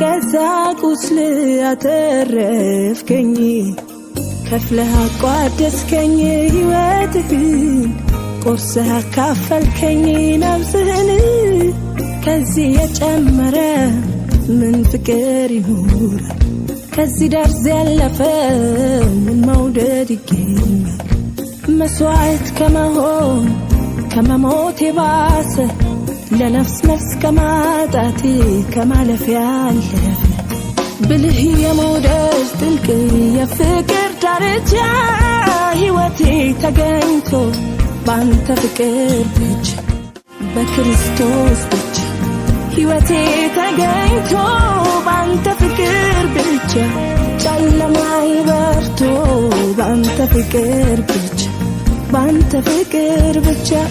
ከገዛ ቁስል ያተረፍከኝ ከፍለህ አቋደስከኝ ሕይወትህን ቆርሰህ አካፈልከኝ ነብስህን ከዚህ የጨመረ ምን ፍቅር ይኑር? ከዚህ ደርዝ ያለፈ ምን መውደድ ይገኛል? መስዋዕት ከመሆን ከመሞት የባሰ ለነፍስ ነፍስ ከማጣት ከማለፍ ያለ ብልህ የመውደድ ጥልቅ የፍቅር ዳርቻ ሕይወቴ ተገኝቶ ባንተ ፍቅር ብቻ በክርስቶስ ብቻ ሕይወቴ ተገኝቶ ባንተ ፍቅር ብቻ ጨለማይ በርቶ ባንተ ፍቅር ብቻ ባንተ ፍቅር ብቻ